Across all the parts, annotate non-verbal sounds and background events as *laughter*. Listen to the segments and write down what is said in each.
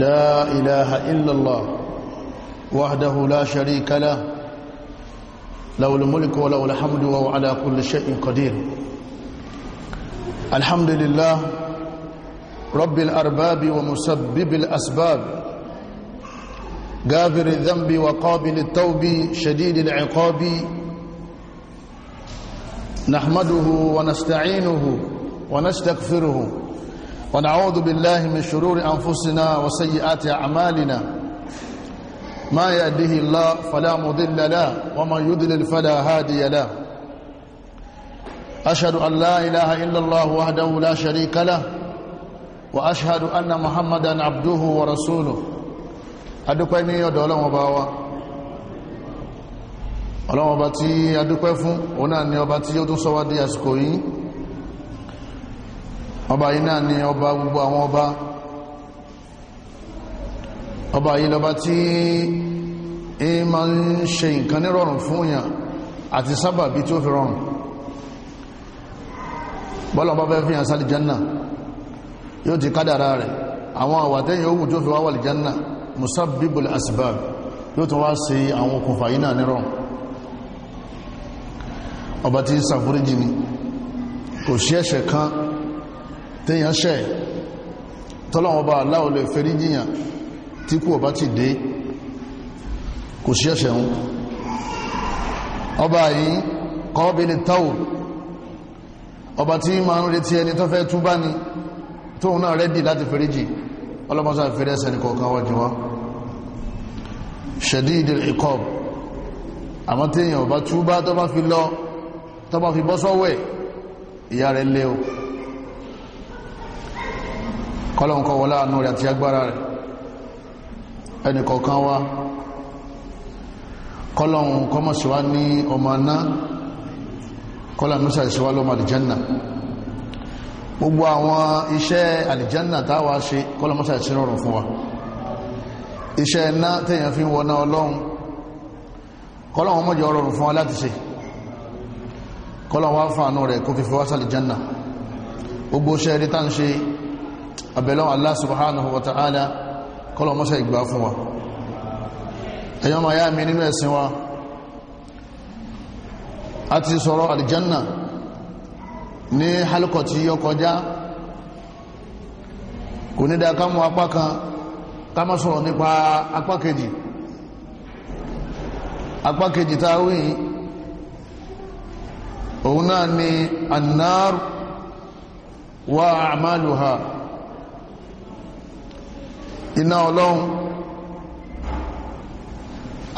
لا إله إلا الله وحده لا شريك له له الملك وله الحمد وهو على كل شيء قدير الحمد لله رب الأرباب ومسبب الأسباب جابر الذنب وقابل التوب شديد العقاب نحمده ونستعينه ونستغفره ونعوذ بالله من شرور أنفسنا وسيئات أعمالنا ما يهده الله فلا مضل له ومن يضلل فلا هادي له أشهد أن لا إله إلا الله وحده لا شريك له وأشهد أن محمدا عبده ورسوله أدوكي نيو دولة وباوة ọlọ́wọ́ba tí adúpẹ́ fún òun náà ni ọba tí ó tún ọba yìí náà ni ọba gbogbo àwọn ọba ọba yìí lọba tí ẹ máa ń ṣe nǹkan nírọ̀rùn fún yàn àti sábàbí tí ó fi rọrùn bọ́lá ọba fẹ́ fi hàn sáàlì jẹ́nà yóò ti kádàrá rẹ̀ àwọn àwàtẹ́yìn ogun tí ó fi wá wà lè jẹ́nà musabbibul asbab yóò tún wá sí àwọn okùnfà yìí náà nírọ̀rùn ọba tí sàfúríjì ni kò sí kan téèyàn ṣẹ̀ tọ́lọ́wọ́n bá aláwọ̀ lè fẹ́rí jìyàn tí kú ọba ti dé kò sí ẹ̀ṣẹ̀ ń ọba yìí kọ́bílì táwò ọba tí ma ń retí ẹni tó fẹ́ túbá ni tóun náà rẹ́dì láti fẹ́rí jì ọlọ́mọsá fẹ́rẹ́ ẹ̀ṣẹ̀ nìkọ̀ọ̀kan wájú wá ṣẹ̀dí ẹ̀ ìyá rẹ̀ lé o kọ́lọ́n kọ́ wọlá àánú rẹ̀ àti agbára rẹ̀ ẹnìkọ̀ọ̀kan wá kọ́lọ́n kọ́mọ̀síwá ní ọmọ aná kọ́lọ́n mísà ìsíwá lọ́mọ àlìjánà gbogbo àwọn iṣẹ́ àlìjánà táwa ṣe kọ́lọ́n mísà ìsírọ̀rùn fún wa iṣẹ́ iná téèyàn fi ń wọná ọlọ́run kọ́lọ́n wọn mọ̀jọ ọrọ̀rùn fún wa láti ṣe kọ́lọ́n wá fàánú rẹ̀ kó fi fi wá sàlìjánà gbogbo iṣẹ́ eré tá ń ṣe abẹ̀lọ́ Allah subhanahu wa ta'ala kọlọ mọ́ṣẹ́ ìgbà fún wa ẹ̀yọ́ ma yá mi nínú ẹ̀sìn wa a ti sọ̀rọ̀ aljanna ní halkọ̀ tí yọ kọjá kò ní dáa ká mú apá kan ká má sọ̀rọ̀ nípa apá kejì apá kejì tá a òun náà ni annar wa a'maluha iná ọlọ́run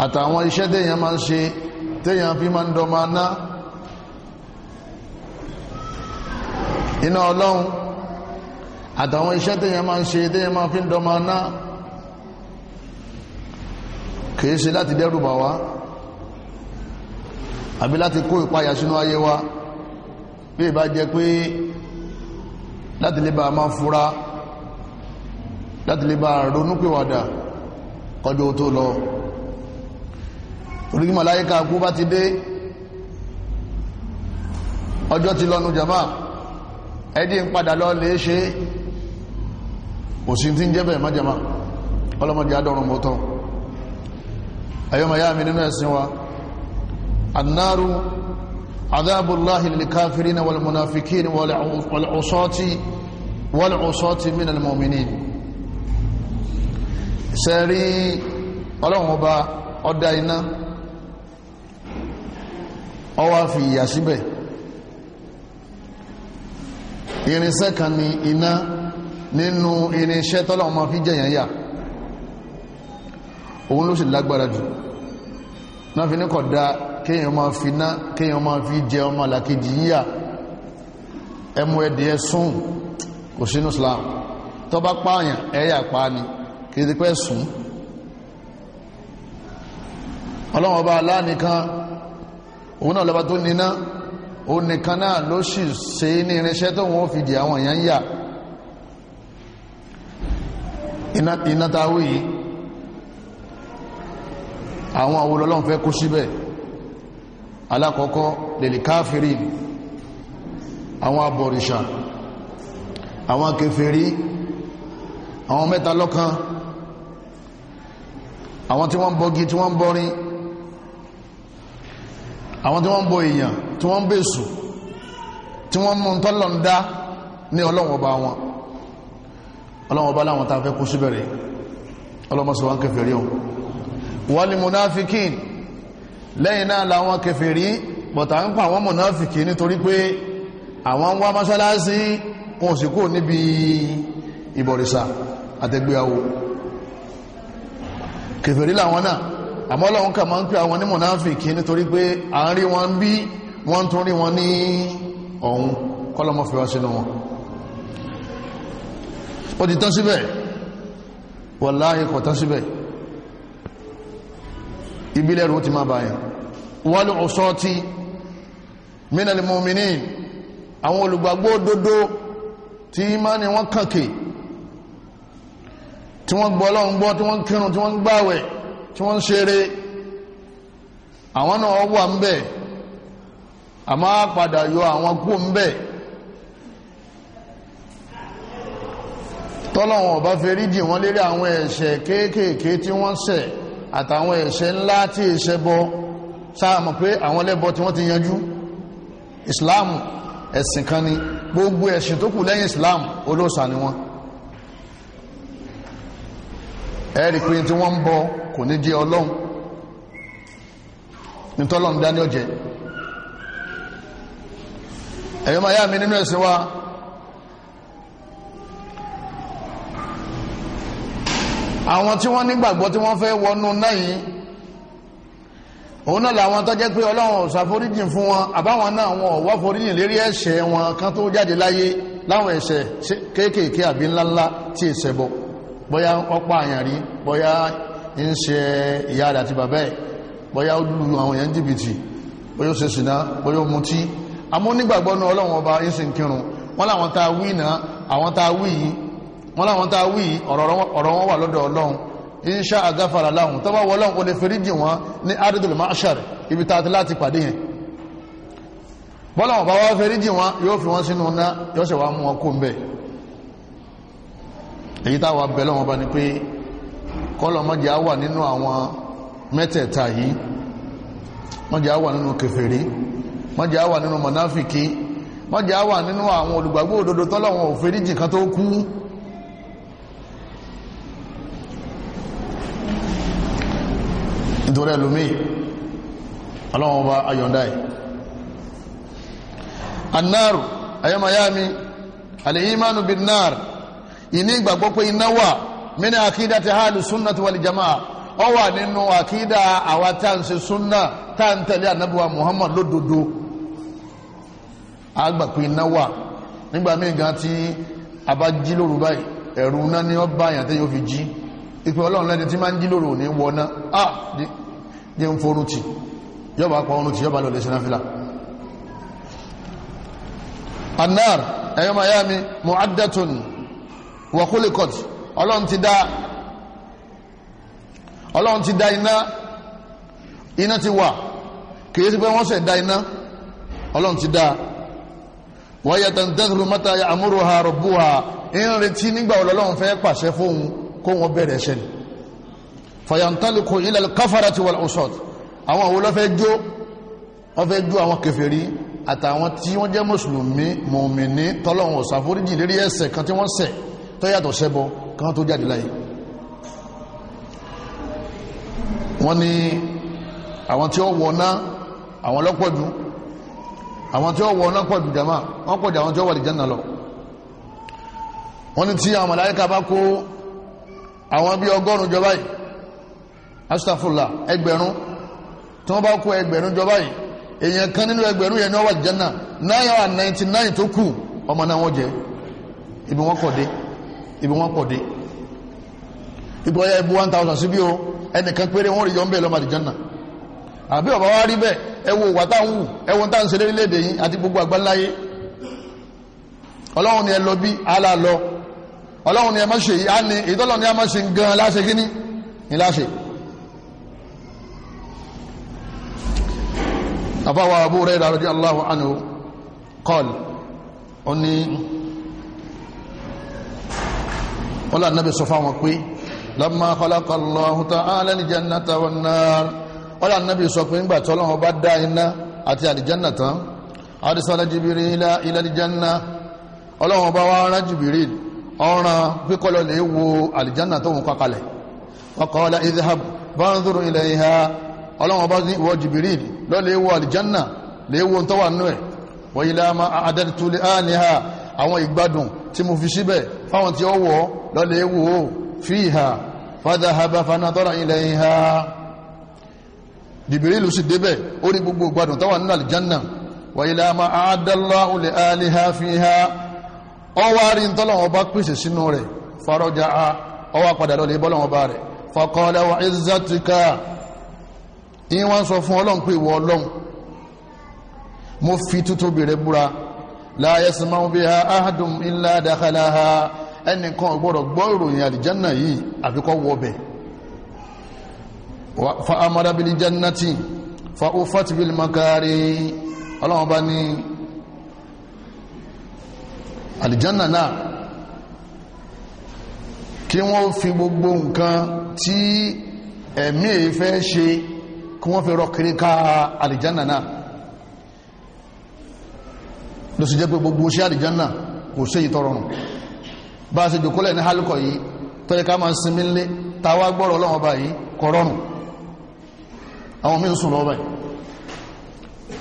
àtàwọn iṣẹ́ téèyàn máa ń ṣe téèyàn fi máa ń dọ́ máa ná iná ọlọ́run àtàwọn iṣẹ́ téèyàn máa ń ṣe téèyàn máa fi ń dọ́ máa ná kìí ṣe láti dẹ́rù bà wá àbí láti kó ìpayà sínú ayé wa bí ìbá jẹ́ pé láti lè bá a máa fura láti lè bá ronú pèwàdà kọjọ́ tó lọ orí màláyíká kú bá ti dé ọjọ́ ti lọ́nu jama ẹdí ń padà lọ lè ṣe òsìn tí ń jẹ́bẹ̀ má jama ọlọ́mọdé adọ́rùn mọ́tọ́ ayọ́mọ̀yá mi nínú ẹ̀sìn wa annaru adábùláhì lilkafirina walmunafikini wal'usati wal'usati minal mu'minin sẹ́rí ọlọ́run ọba ọdá iná ó wá fi ìyà síbẹ̀ irinṣẹ́ kan ni iná nínú irinṣẹ́ tọ́lọ́run máa fi jẹ̀yàn yà òun ló sì lágbára jù náà fi ní kódà kéèyàn máa fi ná kéèyàn máa fi jẹ ọmọ àlàkejì yíyà ẹmu ẹdìẹ sùn kò sínú Islam tó bá pààyàn ẹ̀yà pa ni kìí pẹ́ sùn ọlọ́run ọba aláàníkan òun náà lọ́ba tó níná òun nìkan náà ló sì ṣe ní irinṣẹ́ tó wọ́n fi di àwọn èèyàn yà iná táwí yìí àwọn àwòlọ́lọ́n fẹ́ kó síbẹ̀ alákọ̀ọ́kọ́ lèlè káfírí àwọn abọ̀rìṣà àwọn kèfèrí àwọn mẹ́ta lọ́kan àwọn tí wọ́n ń bọgi tí wọ́n ń bọrin àwọn tí wọ́n ń bọ èèyàn tí wọ́n ń bèsù tí wọ́n mú tọ́lọ̀ ń dá ní ọlọ́wọ̀n ọba wọn ọlọ́wọ̀n ọba láwọn tá a fẹ́ kú síbẹ̀rẹ̀ ọlọ́mọsọ wọn kẹfẹ́ rí o wọ́n ni munafikin lẹ́yìn náà làwọn kẹfẹ́ rí bọ̀tà ń pa àwọn munafikin nítorí pé àwọn ń wá mọ́ṣáláṣí wọn ò sì kúrò níbi ìbọ̀rìṣà àtẹgbéyàwó kèfèrí làwọn náà àmọ́ Ọlọ́run kà máa ń pè àwọn ní mùnáfìkì nítorí pé à ń rí wọn bí wọ́n tún rí wọn ní ọ̀hún kọ́lọ́mọ́ fi wá sínú wọn ó ti tán síbẹ̀ wàláhì kò tán síbẹ̀ ìbílẹ̀ rú ti máa báyìí wal usati minal mu'minin àwọn olùgbàgbọ́ òdodo tí ìmánì wọn kàkè tí wọ́n gbọ́ ọlọ́run gbọ́ tí wọ́n ń kírun tí wọ́n ń gbàwẹ̀ tí wọ́n ń ṣeré àwọn náà wà ń bẹ̀ àmọ́ á padà yọ àwọn kú ń bẹ̀ tọ́lọ́wọ̀n ọba fẹ́rí jì wọ́n lérí àwọn ẹ̀ṣẹ̀ kéékèèké tí wọ́n ṣẹ̀ àtàwọn ẹ̀ṣẹ̀ ńlá tí ìṣẹ́ bọ́ sáàmù pé àwọn lẹ́bọ tí wọ́n ti yanjú ìsìláàmù ẹ̀sìn kan ni gbogbo ẹ̀sìn tó kù lẹ́yìn ìsìláàmù olóòṣà ni wọ́n ẹ̀rí pé tí wọ́n ń bọ kò ní jẹ́ ọlọ́run nítọ́lọ́run dání ọ̀jẹ̀ ẹ̀yọ́ máa yá mi nínú ẹ̀sìn wa àwọn tí wọ́n nígbàgbọ́ tí wọ́n fẹ́ wọnú náà yìí òun náà làwọn tó jẹ́ pé ọlọ́run ò ṣàforíjìn fún wọn àbáwọn náà wọn ò wá foríjìn lérí ẹ̀ṣẹ̀ wọn kan tó jáde láyé láwọn ẹ̀ṣẹ̀ kéékèèké àbí ńláńlá tí ìṣẹ̀bọ̀ bóyá ọpá àyàn rí bóyá ń ṣe ìyá rẹ̀ àti bàbá ẹ̀ bóyá ó lù àwọn èèyàn jìbìtì bóyá ó ṣe ṣìná bóyá ó mutí àmọ́ nígbàgbọ́ náà ọlọ́run ọba ń sì ń wọ́n láwọn tá a wí náà àwọn tá a wí yìí wọ́n láwọn tá a wí yìí ọ̀rọ̀ wọn wà lọ́dọ̀ ọlọ́run insha agafara lahun tó bá wọ ọlọ́run kò lè feríjì wọn ní ardul mahshar ibi tá a ti láti pàdé yẹn bọ́lá wọn bá wá feríjì wọn yóò fi wọn sínú ná yóò ṣe wá mú wọn kó ń bẹ́ẹ̀ èyí táwa bẹ lọ́wọ́ bá ní pé kọ́lọ̀mọ́jà wà nínú àwọn mẹ́tẹ̀ẹ̀ta yìí mọ́jà wà nínú kèfèrí mọ́jà wà nínú mọ̀náfìkì mọ́jà wà nínú àwọn olùgbàgbọ́ òdodo tọ́lọ́wọ́n òfèríjì kan tó kú nítorí ẹlòmí ọlọ́wọ́n bá ayọ̀ndá ẹ̀ bin náàrù ìní ìgbàgbọ́ pé iná wà mínú àkídà ti hàlù súnà ti wàlì jama ọ wà nínú àkídà àwa tá à ń ṣe súnà tá à ń tẹ̀lé ànábùwà Muhammad lódodo àgbà pé iná wà nígbà míì gan tí a bá jí lóru báyìí ẹ̀rù iná ni ó bá àyàn tẹ́yìn ó fi jí ìpè ọlọ́run lẹ́ni tí máa ń jí lóru ò ní wọná á jẹ́ ń forun tì yọba pa orun tì yọba lọ lè ṣe náà fìlà ẹ̀yọ́ miami mu'addatun wọ̀kúlẹ̀kọ̀t ọlọ́run ti dá ọlọ́run ti dá iná iná ti wà kìí sí pé wọ́n sẹ̀ dá iná ọlọ́run ti dá wọ́n yẹ tẹ̀ntẹ́sìlú mẹ́ta àmúrò ha rọ̀bù ha ń retí nígbà ọlọ́run fẹ́ pàṣẹ fóun kó wọn bẹ̀rẹ̀ ẹ̀ṣẹ̀ ni fàyàntálùkù ilẹ̀ káfàrà ti wà lọ́sọ̀t àwọn àwọn olófẹ́ jó wọ́n fẹ́ jó àwọn kèfèrí àtàwọn tí wọ́n jẹ́ mùsùlùmí mùmìnì tọ́lọ́run ọ̀sàforíjì lérí ẹ̀ṣẹ̀ kan tí wọ́n ṣẹ̀ tó yàtọ̀ sẹ́bọ kan tó jáde láyé wọ́n ní àwọn tí ó wọná àwọn lọ́pọ̀jù àwọn tí ó wọná pọ̀jù jama wọ́n pọ̀jù àwọn tí ó wà lè jẹ́nà lọ wọ́n ní tí àwọn màláíkà bá kó àwọn bí ọgọ́rùn jọba yìí astafula ẹgbẹ̀rún tí wọ́n bá kó ẹgbẹ̀rún jọba yìí èèyàn kan nínú ẹgbẹ̀rún yẹn ni wọ́n wà lè jẹ́nà náírà 99 tó kù ọmọ náà wọ́n jẹ ibi wọ́n kọ̀ dé ibi wọ́n pọ̀ dé ibi ọ̀yá ibu one thousand síbí o ẹnìkan péré wọ́n rí yọ ń bẹ̀ lọ́mọ àdìjọ́nà àbí ọ̀bá wa rí bẹ́ẹ̀ ẹ wo wàtá ń wù ẹ wo ń tá ń ṣe èdè yìí àti gbogbo àgbáláyé ọlọ́run ni ẹ lọ bí àlà lọ ọlọ́run ni ẹ má ṣe yìí á ní ni ẹ má ṣe gan láṣẹ kíní ni láṣẹ. àbáwá Abu Hurairah radiyallahu anhu qala ó ní wọn lọ anabi sọ fáwọn pé lamma khalaqa Allahu ta'ala al-jannata wan-nar wọn lọ anabi sọ pé ńgbà tí Ọlọ́run bá dá iná àti àlìjánà tán arsala Jibrila ila al-janna Ọlọ́run bá wá rán Jibril ọ̀ràn píkọ́lọ̀ lè wo àlìjánà tó ń kọ́kalẹ̀ wa qala tí mo fi síbẹ̀ fáwọn tí ó wọ̀ lọ́lẹ̀ wò ó fiha fadhahaba fanadara ilayha Jibrilu sì débẹ̀ ó rí gbogbo gbádùn táwọn nínú àlìjánà wa ila fi pèsè sínú rẹ̀ a ọwọ́ àpàdà lọ́lẹ̀ bọ́lọ́wọ́ bá rẹ̀ faqala wa izzatika ìwọ̀n sọ fún ọlọ́run pé ọlọ́run mo fi tútóbi rẹ̀ la yasma'u biha ahadun illa dakhalaha ẹnìkan ò gbọ́dọ̀ gbọ́ ìròyìn àlìjánà yìí àfi kó wọ bẹ̀ fa amara bil jannati fa ufat bil makari ọlọ́wọ́n bá ní àlìjánà náà kí wọ́n fi gbogbo nǹkan tí ẹ̀mí èyí fẹ́ ṣe kí wọ́n fi rọ ká àlìjánà náà ló sì jẹ́ pé gbogbo ṣé àlìjánà kò ṣe ìtọrọrùn bá a ṣe jòkólẹ̀ ní hálùkọ̀ yìí tó yẹ ká máa sinmi lé táwa gbọ́rọ̀ ọlọ́run ọba yìí kò rọrùn àwọn míín sùn lọ́wọ́ báyìí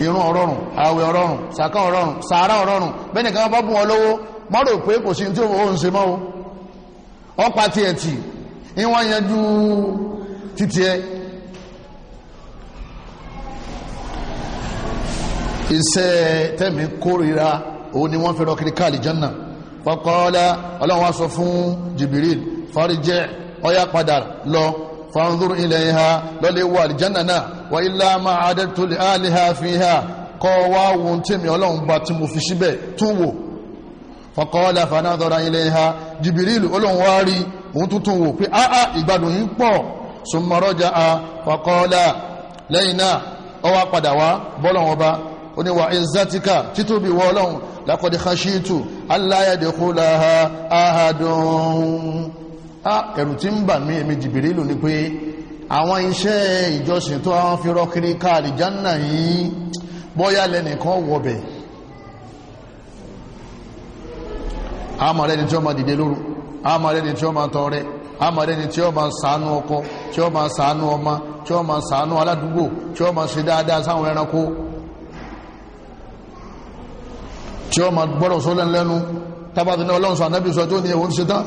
irun ọ̀rọ̀rùn àwẹ̀ ọ̀rọ̀rùn sàkà ọ̀rọ̀rùn sàárà ọ̀rọ̀rùn bẹ́ẹ̀ nìkan bá bùn ọ lówó má rò pé kò sí tí òun ṣe mọ́ o ọ̀pá tiẹ̀ tì ìwọ̀n yanjú titiẹ̀ iṣẹ́ tẹ̀mí kórìíra òun ni wọ́n fi rọ kiri káàlì jọ́nà fọkọ́lá ọlọ́run wá sọ fún Jibril farijẹ́ ọyá padà lọ fanzur ilayha lọ́lẹ̀ wà àlìjánà náà wà ilá máa adẹ́tò lè áàlìhà fi hà kọ́ wá wọn tèmi ọlọ́run bá tí mo fi síbẹ̀ tún wò fọkọ́lá fanadọ́ra ilayha Jibril ọlọ́run wá rí òun tuntun wò pé áá ah, ah, ìgbádùn yín pọ̀ sọmọrọ́jà fọkọ́lá lẹ́yìn náà ọwá padà wá bọ́lọ̀ wọn bá oníwà ìzátìkà títóbi wọ ọlọ́run laqad khashitu alla yadkhulaha ahadun á ẹ̀rù tí ń bà mí èmi Jibrilu ni pé àwọn iṣẹ́ ìjọsìn tó àwọn fi rọ́kiri káàdì jánà yìí bọ́yá lẹ́nìkan wọ̀bẹ̀ àmọ́ lẹ́ni tí ó máa dìde lóru àmọ́ lẹ́ni tí ó máa tọrẹ àmọ́ lẹ́ni tí ó máa ṣàánú ọkọ tí ó máa ṣàánú ọmọ tí ó máa ṣàánú aládùúgbò tí ó máa ṣe dáadáa sáwọn ẹranko tí ó ma gbọ́rọ̀ sólẹ̀ lẹ́nu tábàtí ní ọlọ́run sọ ànábì sọ tó ní ẹ̀wọ̀n ṣe tán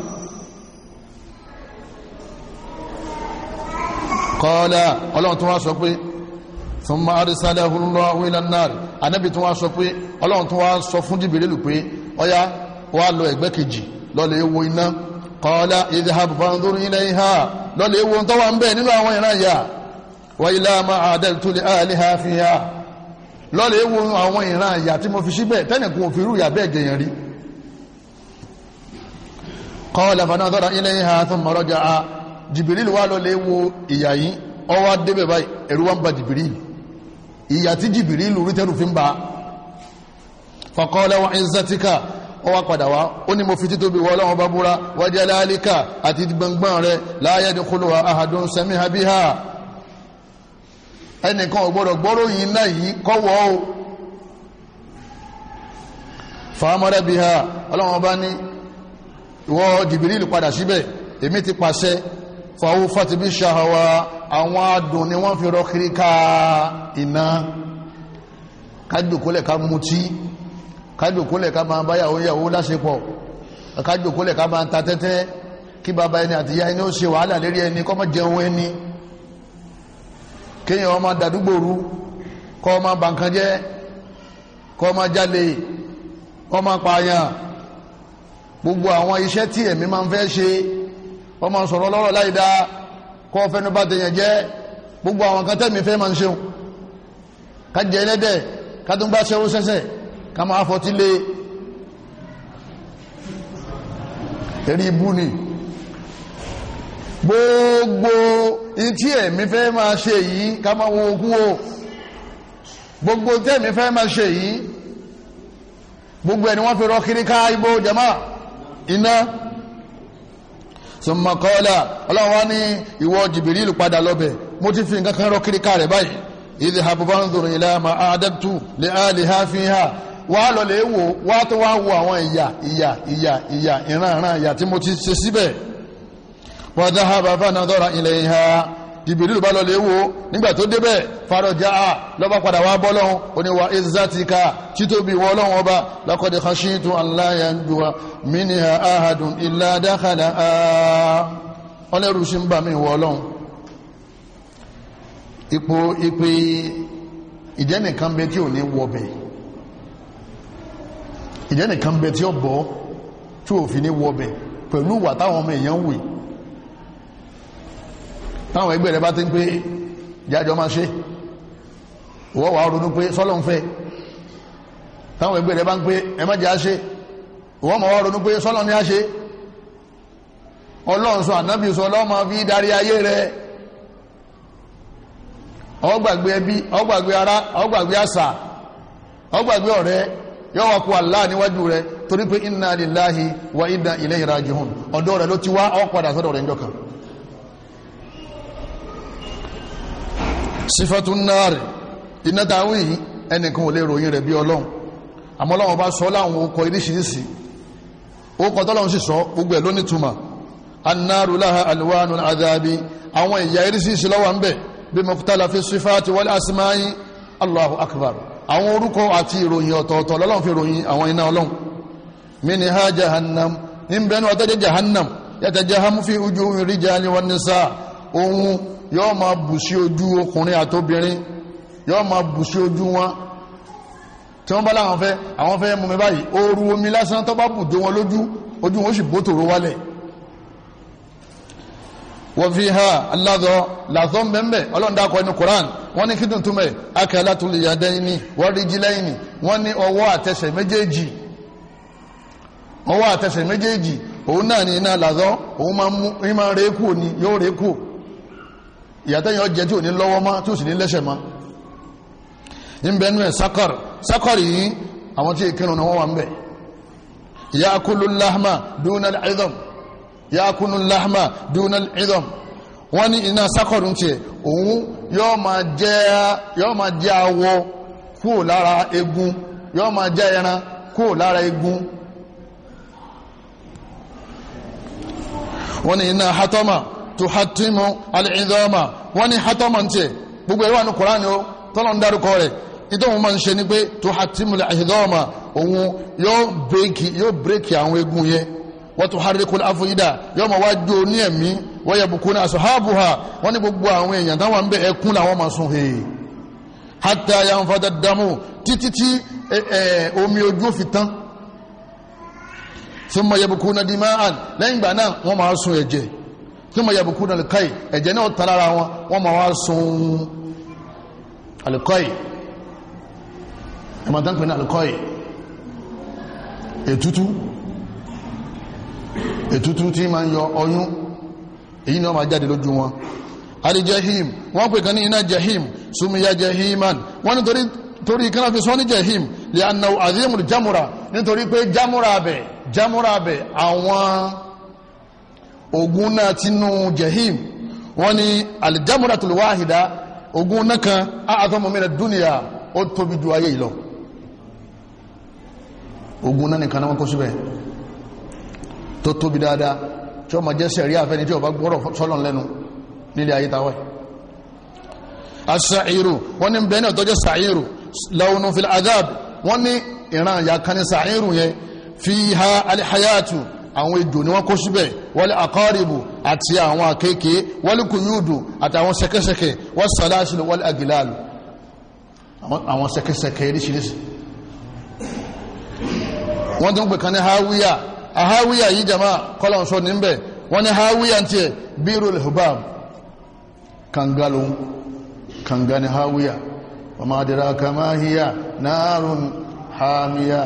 ọlọ́run tó wá sọ pé fún ma arísálẹ̀ náà ànábì tó wá sọ pé ọlọ́run tó wá sọ fún jìbìrìlù pé ọya wá lọ ẹ̀gbẹ́ kejì lọ́lẹ̀ ewo iná lọ́lẹ̀ tó wà ń bẹ̀ nínú àwọn ìran lọ́lẹ̀ ewu àwọn ìran àyà tí mo fi síbẹ̀ tẹ́nìkan ò fi irú ìyà bẹ́ẹ̀ jẹyàn rí qala fanadhara ilayha thumma raja'a jìbìrìlì wà lọ́lẹ̀ ewu ìyà yìí ọwọ́ débẹ̀ báyìí ẹ̀rù wà ń ba jìbìrìlì ìyà tí jìbìrìlì rí tẹ́rù fi ń ba faqala wa izzatika ó wá ẹnìkan ò gbọ́dọ̀ gbọ́ròyìn náà yìí kọ́wọ́ o fàámọ́rẹ́ bíi ha ọlọ́run ọba ní ìwọ jìbìrìlì padà síbẹ̀ èmi ti pàṣẹ fàáwù fàtìbí ṣàhàwà àwọn adùn ni wọ́n fi rọ kiri ká iná kájòkólẹ̀ ká mutí kájòkólẹ̀ ká máa báyàwó yàwó láṣepọ̀ kájòkólẹ̀ ká máa ta tẹ́tẹ́ kí bàbá ẹni àtìyá ẹni ó ṣe wàhálà lérí ẹni kọ́mọ jẹun ẹni kéèyàn ọmọ dàdúgbò rú kọ́ ọmọ bànkànjẹ́ kọ́ ọmọ jalè kọ́ ọmọ pààyàn gbogbo àwọn iṣẹ́ tí ẹ̀mí máa ń fẹ́ ṣe ọmọ sọ̀rọ̀ lọ́rọ̀ láì dáa kọ́ ọ fẹ́nu bá tẹ̀yàn jẹ́ gbogbo àwọn kan tẹ̀mí fẹ́ máa ń ṣeun ká jẹ ẹlẹ́dẹ̀ ká tó ń bá ṣẹ́wó sẹ́sẹ̀ ká máa fọtí lé eré ibú ni gbogbo ìtí ẹ̀mí fẹ́ máa ṣe yìí ká máa wo ogún o gbogbo tẹ́mi fẹ́ máa ṣe yìí gbogbo ẹni wọ́n fi rọ kiri ká ibo jama iná sọmọ kọ́lá ọlọ́run wá ní ìwọ jìbìrìlù padà lọ́bẹ̀ mo ti fi nǹkan kan rọ kiri ká rẹ̀ báyìí ìdí àbúbá ń dòrò ìlà àmà àdẹ́tù lè àlè ha fi hà wá lọ lè wò wá tó wá wo àwọn ìyà ìyà ìyà ìyà ìran ìran ìyà tí mo ti ṣe síbẹ̀ fọdáhàbà fanadọ́ra ilẹ̀ ìhà jìbìrì bá lọlé wo nígbà tó débẹ̀ farọjá a lọ́ba padà wá bọ́ lọ́hún oníwà ezatika títóbi wọ́ lọ́hún ọba lakọ́dẹ̀ khashitu aláya ń jùwà mínìhà ahadùn ilá dákàdà á ọlẹ́rù sí ń bà mí wọ́ lọ́hún. ipò ìpè ìjẹ́nìkan bẹ tí ò ní wọ̀bẹ̀ ìjẹ́nìkan bẹ tí ó bọ́ tí ò ní wọ̀bẹ̀ pẹ̀lú wà táwọn ọmọ èèyàn wì táwọn ẹgbẹ́ rẹ bá ti ń pé jájọ máa ṣe ìwọ́ wàá ronú pé sọ́lọ́ ń fẹ́ táwọn ẹgbẹ́ rẹ bá ń pé ẹ á ṣe rẹ ọgbàgbé ẹbí ọgbàgbé ọgbàgbé àṣà ọgbàgbé ọ̀rẹ́ yóò wá kú Allah níwájú rẹ torí pé inna wa ịda ilayhi raji'un ọ̀dọ̀ rẹ ló ti wá ó padà sọ́dọ̀ rẹ̀ ń sífẹ́tù náàrí iná táwọn yìí ẹnìkan ò lè ròyìn rẹ̀ bí ọlọ́run àmọ́ ọlọ́run bá sọ láwọn okọ̀ oríṣiríṣi okọ̀ tọ́lọ́run sì sọ gbogbo ẹ̀ ló nítumọ̀ anáàrú láha àlùwánu àdáàbí àwọn ìyà oríṣiríṣi lọ́wọ́ ń bẹ bí mọ̀kútàlá fi sífẹ́tù wọlé asimáyín allahu akbar àwọn orúkọ àti ìròyìn ọ̀tọ̀ọ̀tọ̀ lọ́lọ́run fi ròyìn àwọn iná ọlọ́run minha jahannam ń bẹnu ọtẹ́jẹ́ jahannam yàtẹ̀ jahamu fi ujú rijali wan nisa ohun yóò ma bù sí ojú ọkùnrin àtobìnrin yóò ma bù sí ojú wọn tí wọ́n bá láwọn fẹ́ àwọn fẹ́ mú mi báyìí ooru omi lásán tó bá bùdó wọn lójú ojú wọn ó sì bó tòró wálẹ̀ wọ́n fi ha aládọ́ làtọ́ mbẹ́mbẹ́ ọlọ́run dákọ̀ ẹnu koran wọ́n ní kíndùn túmẹ̀ akẹ́lá tó lè yàdá wọ́n rí jí lẹ́yìn wọ́n ní ọwọ́ àtẹsẹ̀ méjèèjì ọwọ́ àtẹsẹ̀ méjèèjì òun náà ní iná làtọ́ òun máa ń rèé ni yóò rèé ìyàtẹ̀yìn ọjẹ́ tí ò ní lọ́wọ́ mọ́ tí ò sì ní lẹ́sẹ̀ mọ́ nbẹnu ẹ sakọr sakọr yìí àwọn tí ìkírun náà wọn wà nbẹ yaakulu lahma duna idom yaakulu lahma duna idom wọn ní iná sakọr ń tiẹ òun yóò máa jẹ awọ kúrò lára egun yóò máa jẹ ẹran kúrò lára egun wọn ní iná hatọma tuhatimu alìndọ́mà wọ́n ní hatọ́mọ̀ ń tiẹ̀ gbogbo ẹ̀rọ àni kùránì ó tọ́lọ̀ ń dárúkọ rẹ̀ ìtọ́wọ́n máa ń ṣe ni pé tuhatimu alìndọ́mà òun yóò bírèkì yóò bírèkì àwọn egun yẹn wọ́n tún harikul afọ́yídà yóò máa wájú ní ẹ̀mí wọ́n yẹ bukuna asahabuha wọ́n ní gbogbo àwọn èèyàn táwọn ń bẹ ẹkún làwọn máa sùn hèè hata yanfada damu títí tí omi ojú fi tán summa yabukuna dimaan lẹ́yìn ìgbà náà wọ́n máa sun ẹ̀jẹ̀ tí wọ́n yàbùkú náà alikọ́ì ẹ̀jẹ̀ náà tara ara wọn wọ́n máa wá sun alikọ́ì ẹ̀mọ̀ tán pè ní alikọ́ì ètútú ètútú tí máa ń yọ ọyún èyí ni wọ́n máa jáde lójú wọn ali jahim wọ́n pè kan ní iná jahim sumiya jahiman wọ́n nítorí torí kan fi sọ ní jahim lè anáwó azimul jamura nítorí pé jamura bẹ̀ jamura bẹ̀ àwọn ogun náà tinú jahim wọ́n ní aljamuratul wahida ogun náà kan a'adhamu mina dúnìyà ó tóbi ju ayé ìlọ ogun náà nìkan náà wọ́n kó síbẹ̀ tó tóbi dáadáa tí ó ma jẹ́ sẹ̀rí àfẹ́ni tí ó bá gbọ́rọ̀ sọ́lọ̀ lẹ́nu nílé ayé tawọ́ as-sa'iru wọ́n ní bẹ́ẹ̀ náà tọ́jọ́ sa'iru launu fil adab wọ́n ní ìran ìyá kan ní sa'iru yẹn fiha alhayatu àwọn ejò ni wọ́n kó síbẹ̀ wọlé akọ́rìbù àti àwọn akéèké wọlé kùyúdù àtàwọn sẹ̀kẹ̀sẹ̀kẹ̀ wọ́n sàlásìlò wọlé agìláàlù àwọn sẹ̀kẹ̀sẹ̀kẹ̀ eríṣiríṣi wọ́n tún pè kan ní hawiya ahawiya yìí jama kọ́lọ̀n sọ níbẹ̀ wọ́n ní hawiya ti ẹ̀ bírò lehubam kànga ló kànga ní hawiya wọ́n máa dira kàmáhíyà náàrùn hàmíyà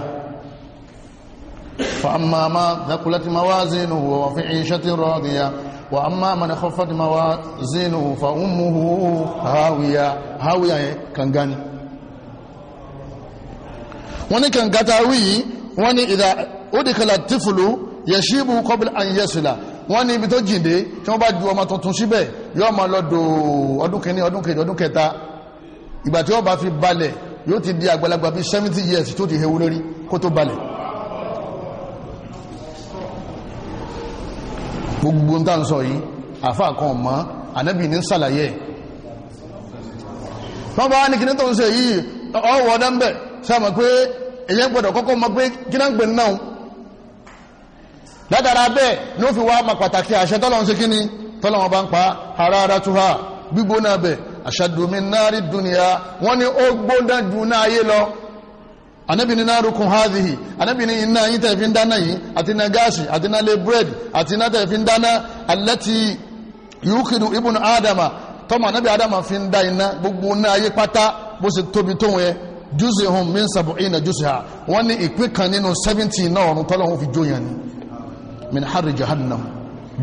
فأما ما ثقلت موازينه وفي عيشة راضية وأما من خفت موازينه فأمه هاوية هاوية كنغاني wani kan gata wí wani ìdá odikala tifulu ya ṣíbu kọbílì an yẹsùlá wọ́n ní ibi tó jìnde tí wọ́n bá ju ọmọ tuntun síbẹ̀ yóò máa lọ́dọ̀ ọdún kìíní ọdún kejì ọdún kẹta ìgbà tí wọ́n bá fi balẹ̀ yóò ti di àgbàlagbà bíi seventy years tó ti hewu lórí kó tó balẹ̀ gbogbo ń tàn sọ yìí àfáà kan mọ́ ànábì ní sàlàyé wọ́n bá ní yi tó ń ṣe yìí ọwọ́ ọdá ń pé èyẹ gbọ́dọ̀ kọ́kọ́ mọ̀ pé kí náà ń fi wá ma pàtàkì àṣẹ tọ́lọ́run ṣe kíní tọ́lọ́run bá ń pa ara ara tuha gbígbóná bẹ̀ àṣàdùnmí náà rí wọ́n ó gbóná jù náà anabi ní nárukùn hádìhì anabi ní iná yín tẹ̀ fi ń dáná yìí àti iná gáàsì àti iná lé búrẹ́dì àti iná tẹ̀ fi ń dáná alẹ́tì yúkìdù ibùnú ádámà tọ́mọ anabi ádámà fi ń dá gbogbo iná ayé pátá bó ṣe tóbi tó wọn yẹ júùsì hùn mí sàbò ìnà ha wọ́n ní ìpín kan nínú sẹ́fìntì náà ọ̀run tọ́lọ́hún fi jó yẹn ni min harri jahannam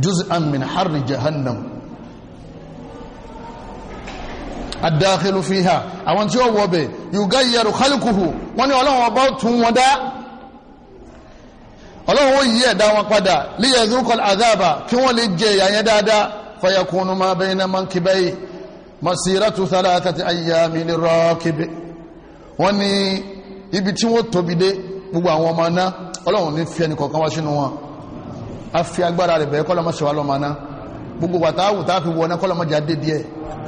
júùsì an min harri jahannam adáhìlú fi hà àwọn tí ó wọ bẹ̀ yùgá yẹrù kálíkùhù wọ́n ní ọlọ́run ọba tún wọn dá ọlọ́run ó yí ẹ̀dá wọn padà líyẹ̀ zúkọl àdáàbà kí wọ́n lè jẹ ìyà yẹn dáadáa fayakunu máa bẹ iná máa ń kí báyìí masiratu thalathati ayyami lirakibi wọ́n ní ibi tí wọ́n tóbi dé gbogbo àwọn ọmọ náà ọlọ́run ní fi ẹnì kọ̀ọ̀kan wá sínú wọn a fi agbára rẹ̀ bẹ̀rẹ̀ kọ́lọ́mọṣẹ́wá lọ́mọ náà gbogbo wàtáwù tá fi wọ náà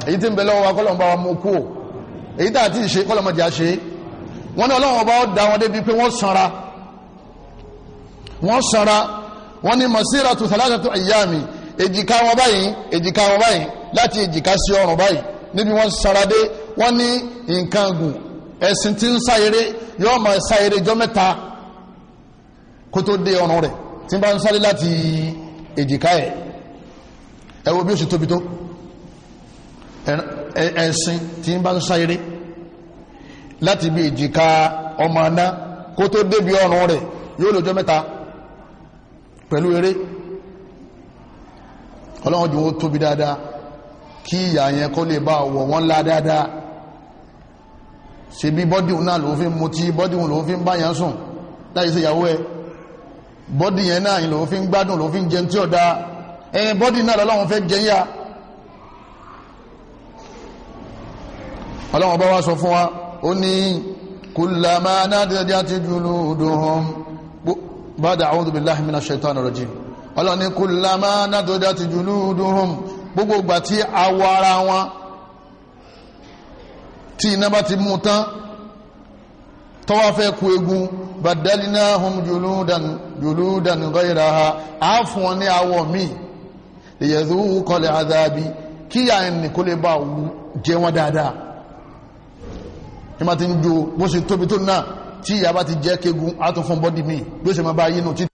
èyí tí ń bẹ lọ́wọ́ wa kọ́lọ́mọba wa mú kú o èyí tá a ti ṣe kọ́lọ́mọdé a ṣe wọ́n ní ọlọ́run ọba da wọn débi pé wọ́n sanra wọ́n sanra wọ́n ní masira tu salasatu ayyami èjìká wọn báyìí èjìká wọn báyìí láti èjìká sí ọrùn báyìí níbi wọ́n sanra dé wọ́n ní nǹkan gùn ẹ̀sìn tí ń sá eré yóò máa sá eré jọ́ mẹ́ta kó tó dé ọrùn rẹ̀ tí ń bá ń sáré láti èjìká ẹ̀ ẹ wo bí ó ṣe tóbi tó ẹ̀sìn tí ń bá ń sáyéré láti bí ìjìká ọmọ aná kó tó débi ọrùn rẹ̀ yóò lọ́jọ́ mẹ́ta pẹ̀lú eré ọlọ́run jù ó tóbi dáadáa kí ìyà yẹn kó lè bá wọ̀ wọ́n lá dáadáa ṣe bí bọ́dìhùn náà ló fi ń mutí bọ́dìhùn ló fi ń báyàn sùn láì ṣe ìyàwó ẹ bọ́dì yẹn náà ló fi ń gbádùn ló fi ń jẹun tí ó dáa ẹ̀yìn bọ́dì náà lọ́lọ́run fẹ́ jẹyà ọlọ́run ọba wa sọ fún wa ó ní kùlàmà nádìjà ti dùnú dùnhùn bàdà a'udhu billahi minash shaitani rajim ọlọ́run ní kùlàmà nádìjà ti dùnú dùnhùn gbogbo ìgbà tí awọ ara wọn tí iná bá ti mú tán tọ́wọ́ fẹ́ ku egun badalinahum juludan juludan ghayraha á fún wọn ní awọ míì lèyẹ̀dúwú kọlẹ̀ adábi kíyà ẹnì kó lè bá jẹ wọn dáadáa ní ma ti ń ju bó ṣe tóbi tó náà tí ìyá bá ti jẹ́ kéegun á tún fún bọ́dì míì bí ó ṣe máa bá yínú títí.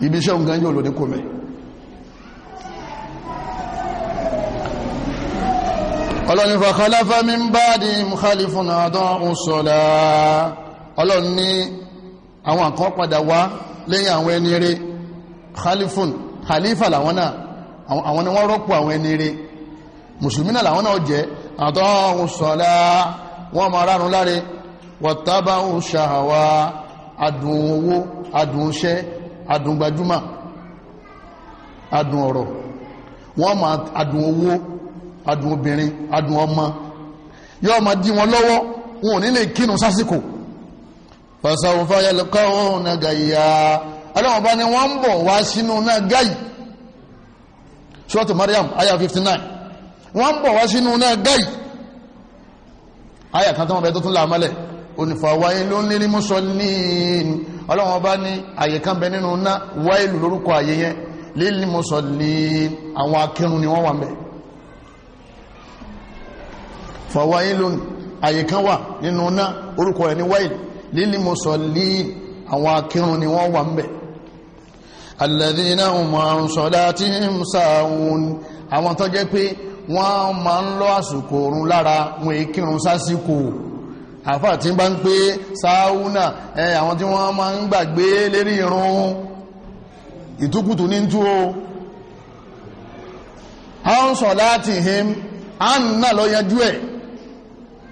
ibi iṣẹ́ òun gan yóò lò ní kòmẹ̀ ọlọ́ni fàkàláfà mi ń bá di mùkálífún àdán òṣòlá ọlọ́ni ní àwọn kan padà wá lẹ́yìn àwọn ẹni rere khalifun khalifa làwọn náà àwọn ni wọ́n rọ́pò àwọn ẹni rere mùsùlùmí náà làwọn náà jẹ́ àdán òṣòlá wọ́n máa rárun láre wọ̀tábà òṣàwà adùn owó adùn iṣẹ́ adùn gbajúmọ̀ adùn ọ̀rọ̀ wọ́n máa adùn owó adùn obìnrin adùn ọmọ yóò máa dí wọn lọ́wọ́ wọn ò ní lè kírun sásìkò fasawufa yalqa ọ̀nà gàyà ọlọ́wọ́n bá ní wọ́n ń bọ̀ wá sínú náà gáyì ṣọ́ọ̀tù Maryam aya 59 wọ́n ń bọ̀ wá sínú náà gáyì aya kan tó wọn bẹ tó tún làmọ́lẹ̀ onífàwáyé ló ń lé ní mùsọ̀lì ọlọ́run ọba ní àyè kan bẹ nínú ná wáìlù lórúkọ àyè yẹn lílì mùsọ̀lì àwọn akẹrùn ni wọ́n wà mẹ́ fọwáìlù àyè kan wà nínú ná orúkọ rẹ̀ ní wáìlù lílì mùsọ̀lì àwọn akẹrùn ni wọ́n wà mẹ́ alladhina hum an salatihim sahun àwọn tó jẹ́ pé wọ́n máa ń lọ àsìkò oorun lára wọn èkírun sásìkò àfà tí ń bá ń pé sáúnà ẹ àwọn tí wọ́n máa ń gbàgbé lérí irun ìtúkùtù ní tú o a ń sọ láti him a ń náà lọ yanjú ẹ̀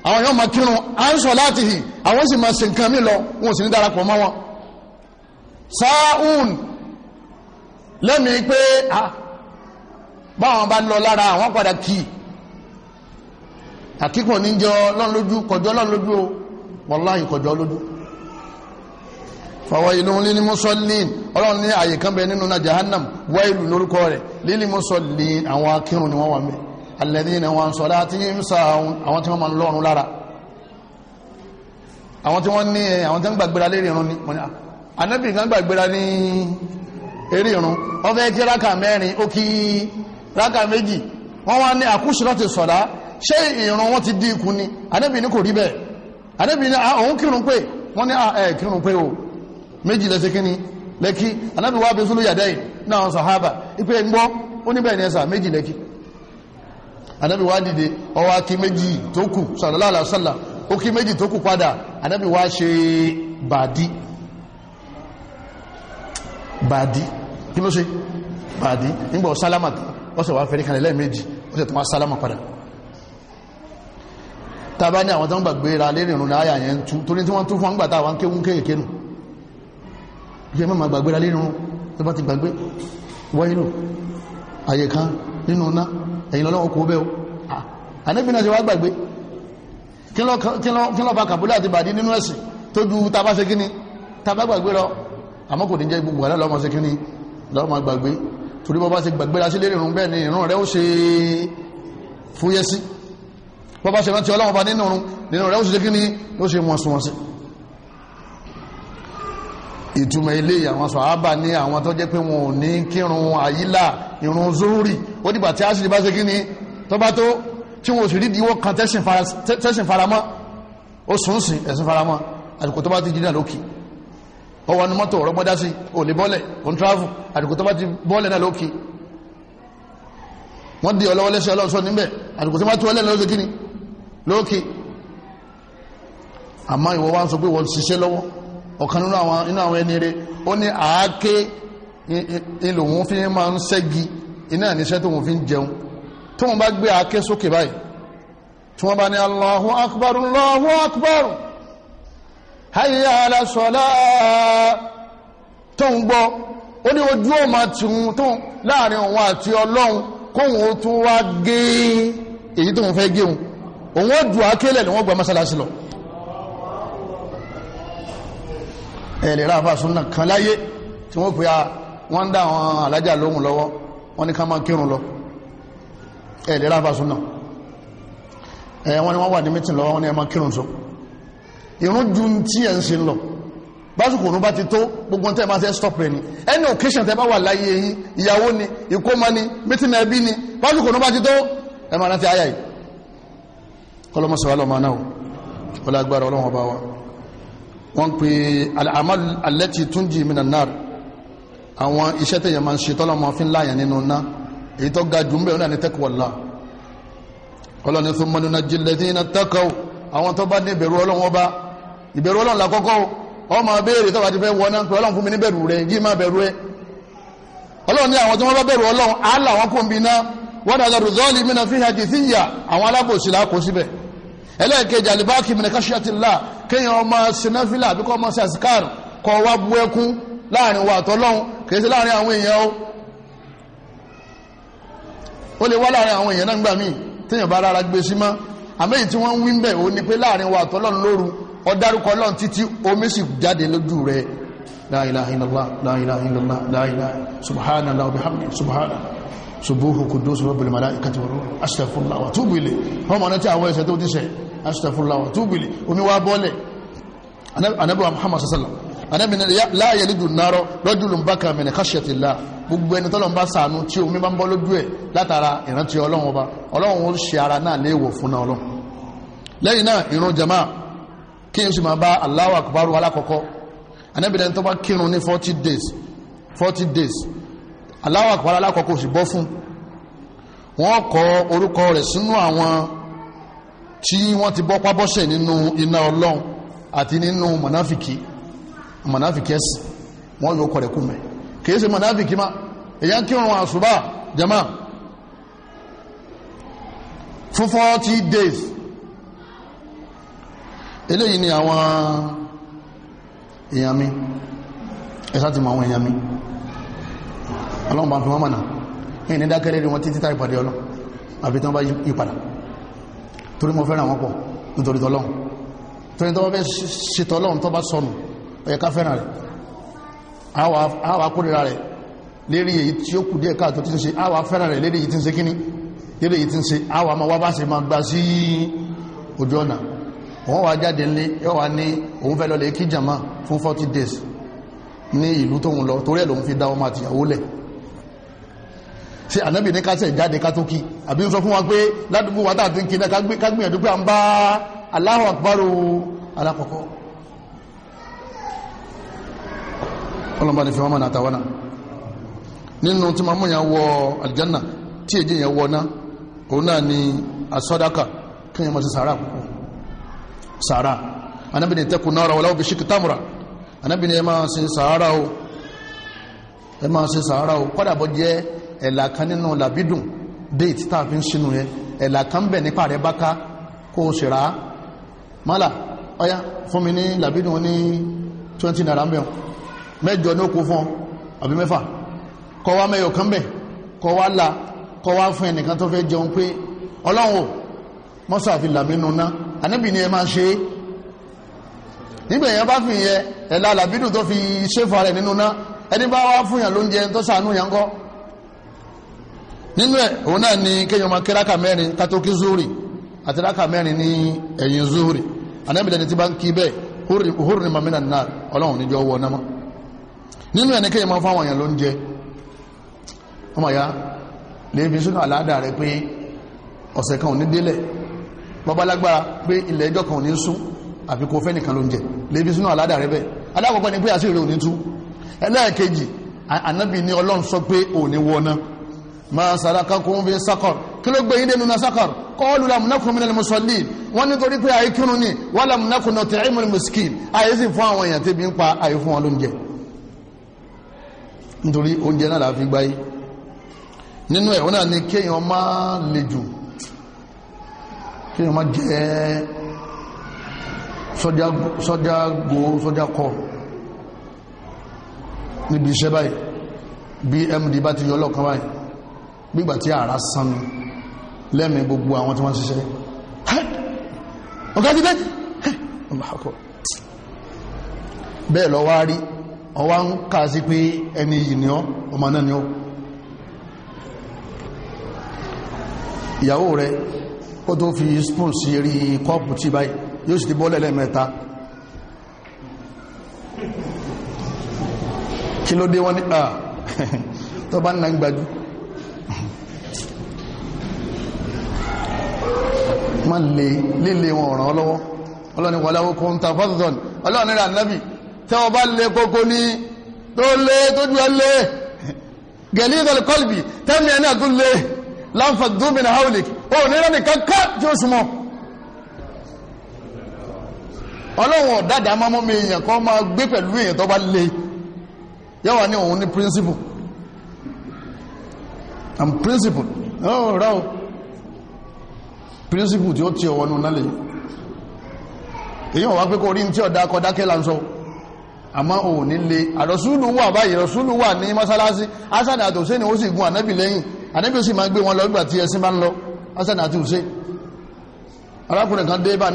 àwọn yóò máa kírun a ń sọ láti him àwọn sì máa ṣe nǹkan mi lọ wọn ò sì ní darapọ̀ mọ́ wọn sáún lẹ́mìí pé báwọn bá lọ lára àwọn padà kìí àkíkọ̀ ní jẹ́ ọlọ́n lójú kọjọ́ ọlọ́n lójú o wọláyìn kọjọ́ lójú fàwọn ìlú lílí mọ́sọ́lín ọlọ́run ní àyè kan bẹ nínú náà jahannam wá ìlú lórúkọ rẹ̀ lílí mọ́sọ́lín àwọn akírun ni wọ́n wà mẹ́ alladhina wọn sọ láti ń sa àwọn tí wọ́n máa ń lọ́run lára àwọn tí wọ́n ní àwọn tí wọ́n gbàgbéra lérí irun ni anábì ah, kan gbàgbéra ní eré irun wọ́n fẹ́ kí ráka mẹ́rin ó kí ráka méjì wọ́n wá ní àkúṣe láti sọ̀dá ṣé ìrun wọn ti di ikùn ni anábì ní kò rí bẹ́ẹ̀ anábì ní ah, òun kírun pé wọ́n ní ah, ẹ̀ kírun pé o méjì lẹ́sẹ̀ kí ni lẹ́kí anábì wá bẹ́ẹ̀ sólúyàdá yìí náà sàhábà ipe ń gbọ́ ó ní bẹ́ẹ̀ ni ẹ̀sà méjì lẹ́kí anábì wá dìde ọwọ́ akí méjì tó kù sallallahu alaihi wasallam ó kí méjì tó kù padà anábì wá ṣe bàdí bàdí kí ló wá sálámà padà tàbá ní àwọn tó ń gbàgbéra lérí ìrun láyà yẹn tú torí tí wọ́n tún fún àgbàtà àwọn kéwú kéèké nù yẹ mọ́ gbàgbéra lérí ìrun tó bá ti gbàgbé wáyìlò àyè kan nínú ná ẹ̀yìn lọ́lọ́wọ́ kò bẹ́ o àníbi náà ti wá gbàgbé kí lọ́ọ́ fa kàbúlẹ̀ àti bàdí nínú ẹ̀sìn tó ju tàbá ṣe kíni tàbá gbàgbé lọ àmọ́ kò ní jẹ́ gbogbo àlá lọ́mọ ṣe kíni lọ́mọ gbàgbé torí bọ́ bá ṣe gbàgbéra sí lérí bọ́bá ṣe rántí ọlọ́run bá nínú ọ̀run nínú rẹ̀ ó sì ṣe kí ni ó ṣe wọ́n súnwọ́n sí ìtumọ̀ ilé àwọn sọ̀hábà ní àwọn tó jẹ́ pé wọn ò ní kírun àyílà ìrun zúrì ó dìgbà tí a sì bá ṣe kí ni tó bá tó tí wọn ò sì rí ìdíwọ́ kan tẹ́sìn faramọ́ ó sùn sìn ẹ̀sìn faramọ́ àsìkò tó bá ti jìnnà lókì ó wà ní mọ́tò ọ̀rọ̀ gbọ́dá sí ò lè bọ́lẹ̀ ò ń travel àsìkò tó bá ti bọ́lẹ̀ náà lókì wọ́n di ọlọ́wọ́lẹ́sẹ̀ ọlọ́sọ níbẹ̀ àsìkò tó bá tó ọlẹ́ lọ́sẹ̀ kí ni lókè àmọ́ ìwọ wá ń sọ pé wọ́n ṣiṣẹ́ lọ́wọ́ ọ̀kan nínú àwọn inú àwọn ẹni rẹ̀ ó ní àáké ìlòun fi máa ń ṣẹ́gi iná ìníṣẹ́ tóun fi ń jẹun tóun bá gbé àáké sókè báyìí tí wọ́n bá ní Allahu akbar Allahu akbar hayya ala sala tóun gbọ́ ó ní ojú ọmọ tìun tóun láàrin òun àti ọlọ́run kóun ó tún wá gé èyí tóun fẹ́ géun òun ó ju àkélẹ̀ ni wọ́n gba mọ́sálásí lọ ẹ̀lẹ̀ ráfà súnà kan láyé tí wọ́n pè á wọ́n ń dá àwọn alájà lóhùn lọ́wọ́ wọ́n ní ká máa kírun lọ ẹ̀lẹ̀ ráfà súnà ẹ̀ wọ́n ni wọ́n wà ní mítìn lọ́wọ́ wọ́n ní ẹ máa kírun sọ ìrun ju tí ẹ̀ ń ṣe lọ básùkò òun bá ti tó gbogbo tẹ́ máa tẹ́ stop rẹ̀ ni any occasion bá wà láyé yìí ìyàwó ni ìkómọ ni mítìn ni básùkò òun bá ti tó ẹ máa rántí ayá yìí kọlọmọsọwà lọmọ náà wọlé agbára ọlọ́wọ́ bá wa wọ́n pe al'amal allati tunji minan nar àwọn iṣẹ́ tẹ̀yẹ̀ máa ń ṣe tọ́lọ́mọ fi ń láyàn nínú ná èyí tó ga jù ń bẹ̀ ọ́nà ní taqwallah ọlọ́ni thumma nunajji alladhina taqaw àwọn tó bá ní ìbẹ̀rù ọlọ́wọ́ bá ìbẹ̀rù ọlọ́run lákọ́kọ́ ọmọ béèrè tó bá ti fẹ́ wọná pé ọlọ́run fún mi ní bẹ̀rù rẹ̀ ẹlẹ́ẹ̀kejì àlìbáàkì mìíràn káṣíyàtìlá kéèyàn ọmọ sinafila àbíkọ́ ọmọ sasikar kọ́ wá bu ẹkún láàrin wa àtọ́lọ́hún kìí ṣe láàrin àwọn èèyàn o ó lè wá láàrin àwọn èèyàn náà nígbà míì téèyàn bá rárá gbé sí mọ́ àmẹ́yìn tí wọ́n ń wí ń bẹ̀ pé láàrin wa àtọ́lọ́hún lóru ó dárúkọ ọlọ́run títí omi sì jáde lójú rẹ̀ la subuhu kudus rabbul malaikati wa ruh astaghfirullah wa tubu ilayh wọ́n mọ̀ náti àwọn ẹ̀ṣẹ̀ tó ti ṣẹ̀ astaghfirullah wa tubu ilayh omi wá bọ́lẹ̀ anabi wa muhammad sallam anabi la yalidu naro rajulun baka min khashyatillah gbogbo ẹni tọ́lọ̀ ń bá sànú tí omi bá ń bọ́ lójú ẹ̀ látara ìrántí ọlọ́run ọba ọlọ́run ó ṣe ara náà léèwọ̀ fún náà ọlọ́run lẹ́yìn náà ìrun jama kí n sì máa bá Allahu akbar alákọ̀ọ́kọ́ anabi dẹni tó bá kírun ní forty days forty days Allahu Akbar alákọ̀ọ́kọ́ sì bọ́ fún wọ́n kọ orúkọ rẹ̀ sínú àwọn tí wọ́n ti bọ́ pábọ́sẹ̀ nínú iná ọlọ́run àti nínú mọ̀náfìkì mọ̀náfìkì ẹ̀sìn wọ́n yóò kọ̀ rẹ̀ kú mẹ́ kìí ṣe mọ̀náfìkì má èyàn kí wọn àṣùbà jama fún forty days eléyìí ni àwọn èèyàn mi ẹ̀sà ti mọ àwọn èèyàn mi ọlọ́run bá fi wọ́n mọ̀nà ẹ̀yìn ní dákẹ́rẹ́ rí wọn títí tá ìpàdé ọlọ́ àfi tí wọ́n bá yí padà torí mo fẹ́ràn wọn pọ̀ nítorí tọlọ́run torí tọ́ fẹ́ ṣe tọlọ́run tó bá sọnù ó yẹ ká fẹ́ràn rẹ̀ àwa kórìíra rẹ̀ lérí wọ́n wá jáde nílé yóò ní òun fẹ́ lọ lè kí jàmá fún 40 days ní ìlú tóun lọ torí ẹ̀ fi dá àtìyàwó lẹ̀ ṣe ànábì ní kásẹ̀ jáde ká tó kí àbí ń sọ fún wa pé ládùúgbò wa tàà ti ń kíná kágbìyànjú pé à ń bá Allahu Akbar alákọ̀ọ́kọ́ ọlọ́mbà ní fi wọ́n mọ̀nà àtàwọn nínú tí máa múyàn wọ aljanna tí èjì yẹn wọ náà òun náà ni asọ́dáka kí yẹn mọ̀ sí sàárà púpọ̀ sàárà anábì ní tẹ́kùn náà wọláwọ́ bí ṣíkì támùrà anábì ní ẹ máa sin sàárà o ẹ máa sin sàárà o kọ́dà bọ́ jẹ́ ẹ̀là kan nínú làbídùn déètì tá a fi ń sínú yẹn ẹ̀là kan ń bẹ̀ nípa rẹ̀ bá ká kó o sì rà á mọ́là ọ̀yá fún mi ní làbídùn ní twenty naira mẹ́ọ̀ mẹ́jọ ní òkú fún ọ àbí mẹ́fà kọ́ wa mẹ́yọ̀ kan bẹ̀ kọ́ wa la kọ́ wa fún ẹnìkan tó fẹ́ jẹun pé ọlọ́run ò mọ́sàfin làmínú ná ànábì ni ẹ máa ṣe é nígbà èèyàn bá fi yẹn ẹ̀la làbídùn tó fi ṣéfà rẹ̀ nínú ná ẹni bá wá fún yàn lóúnjẹ tó sànú yàn kọ́ nínú ẹ̀ òun náà ni kéèyàn máa kíráka mẹ́rin katókí zuri àti ráka mẹ́rin ní ẹ̀yìn zuri anábìlẹ́ni ti bá ń kí bẹ́ẹ̀ húrin mamina nà ọlọ́run níjọ wọ náà nínú ẹ̀ ni kéèyàn máa fáwọn èèyàn ló kan ò ní kan ò ní sún àfi kò ló ń jẹ sínú rẹ ni pé ma salakakum fi sakọr kí ló gbé yín dé nínú sakọr kọ́ọ̀lù lam nakun minal musallin wọ́n nítorí pé àìkírun ni wọ́n lam nakun nut'imul miskin àyè sì fún àwọn èèyàn tẹ́bi ń pa àyè fún wọn lóúnjẹ nítorí oúnjẹ náà láfi gbáyé nínú ẹ̀ wọ́n ni kéèyàn má le jù kéèyàn má jẹ́ sọ́jà go sọ́jà kọ́ níbi iṣẹ́ báyìí bmd bá ti yọ ọlọ́kan báyìí gbígbà tí ara san lẹ́mí gbogbo àwọn tí wọ́n ṣiṣẹ́ ọ̀gá ti bẹ́ẹ̀ bẹ́ẹ̀ lọ wá rí ọwá ń ká sí pé ẹni yìí ni ọ ọmọ náà ni ọ ìyàwó rẹ kó tó fi spoon sí eré kọ́ọ̀pù tí báyìí yóò sì ti bọ́ lẹ́lẹ́mẹ́ta kí ló dé wọ́n ní à ah, *laughs* tó gbájú má le líle wọn ràn ọ́ lọ́wọ́ ọlọ́ni walaw kunta faddan ọlọ́ni rà nábì tẹ́ le bá lè kókó ní tó lé tójú ẹ lé galidal qalbi tẹ́mi ẹni àtúnlé lanfaddu min hawlik ó nírọ́ nìkan ká tí ó súnmọ́ ọlọ́run ọ̀dádá máa mọ́ mi èèyàn kan máa gbé pẹ̀lú èèyàn tó bá lè yẹ́wà ní òun ní principle and principle ọ̀rọ̀ oh, prínsípù tí ó ti ọwọ́ nù nálẹ̀ èyí wọ́n wá pé kò rí ní tí ọ̀dá kọ dákẹ́ là ń sọ àmọ́ ò ní le àrọ̀súlù wà báyìí àrọ̀súlù wà ní mọ́sálásí asad àti hussein ó sì gun ànábì lẹ́yìn ànábì sì máa gbé wọn lọ nígbà tí ẹsìn bá ń lọ asad àti hussein arákùnrin kan dé bá